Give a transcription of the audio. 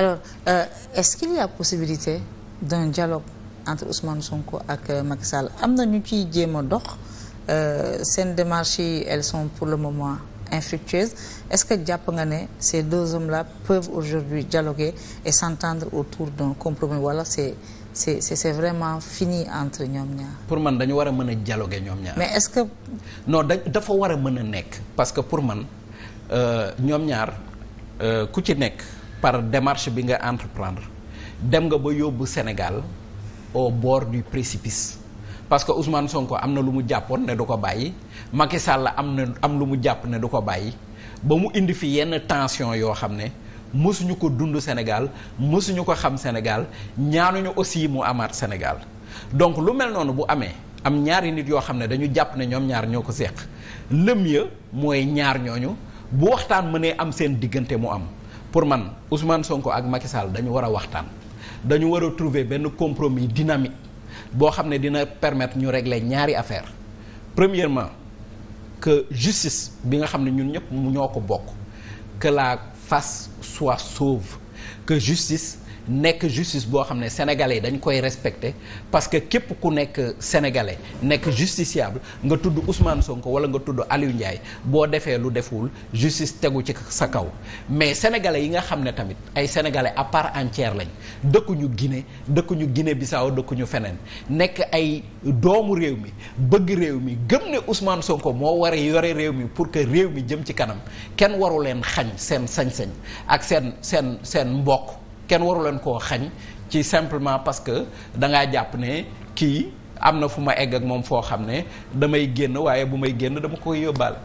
alors euh, est-ce qu'il y a possibilité d'un dialogue entre Ousmane Sonko ak euh, Macky Sall am na ñu ciy jéem a dox euh, seen démarches yi elles sont pour le moment infructueuses est-ce que jàpp nga ne ces deux hommes-là peuvent aujourd'hui dialoguer et s'entendre autour d'un compromis wala voilà, c'est c'est c'est vraiment fini entre ñoom ñaar. pour man dañu war a mën a dialoguer ñoom ñaar. mais est-ce que. non da dafa war a mën a nekk parce que pour man euh, ñoom ñaar ku ci nekk. par démarche bi nga entreprendre dem nga ba yóbbu Sénégal au bord du précipice parce que Ousmane Sonko am na lu mu jàppoon ne du ko bàyyi Macky Sall am na am lu mu jàpp ne du ko bàyyi ba mu indi fi yenn tension yoo xam ne mësuñu ko dund Sénégal mësuñu ko xam Sénégal ñaanuñu aussi mu amaat Sénégal donc lu mel noonu bu amee am ñaari nit yoo xam ne dañu jàpp ne ñoom ñaar ñoo ko seq le mieux mooy ñaar ñooñu bu waxtaan mënee am seen diggante mu am pour man Ousmane Sonko ak Macky Sall dañu war a waxtaan dañu war a trouver benn compromis dynamique boo xam ne dina permettre ñu régler ñaari affaire premièrement que justice bi nga xam ne ñun ñëpp ñoo ko bokk que la face soit sauve que justice nekk justice boo xam ne yi dañ koy respecté parce que képp ku nekk sénégalais nekk justiciable nga tudd Ousmane Sonko wala nga tudd Aliou Ndiaye boo defee lu deful justice tegu ci sa kaw mais sénégalais yi nga xam ne tamit ay sénégalais à part entière lañ dëkkuñu Guinée dëkkuñu Guinée Bissau dëkkuñu feneen nekk ay doomu réew mi bëgg réew mi gëm ne Ousmane Sonko moo war a réew mi pour que réew mi jëm ci kanam kenn waru leen xañ seen sañ-sañ ak seen seen seen mbokk kenn waru leen koo xañ ci simplement parce que da jàpp ne kii am na fu ma egg ak moom foo xam ne damay génn waaye bu may génn dama koy yóbbaale.